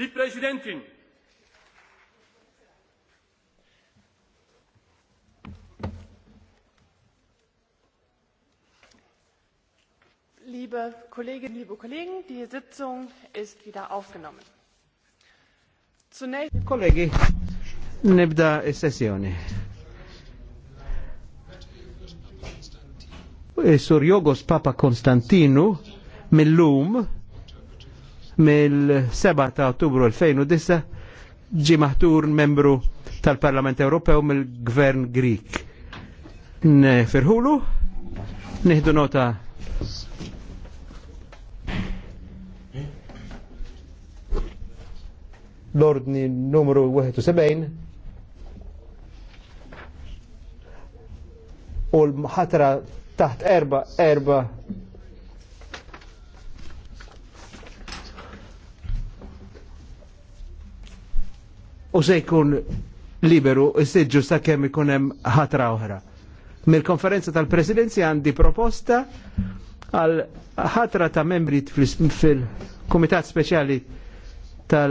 Di Präsidentin! Liebe Kolleginnen, liebe Kollegen, die Sitzung ist wieder aufgenommen. Zunächst Kollege, nebda Sessione. sessjoni Sur Jogos Papa Konstantinu Melum mill-7 ta' ottubru 2009 ġi maħtur membru tal-Parlament Ewropew mill-Gvern Grik. Firħulu, nieħdu nota l-ordni numru 71 u l-ħatra taħt erba erba u se jkun liberu s-sidġu sa' kemm ikun hemm ħatra oħra. Mill-konferenza tal-presidenzi għandi proposta għal ħatra ta' membri fil-Kumitat Speċjali tal-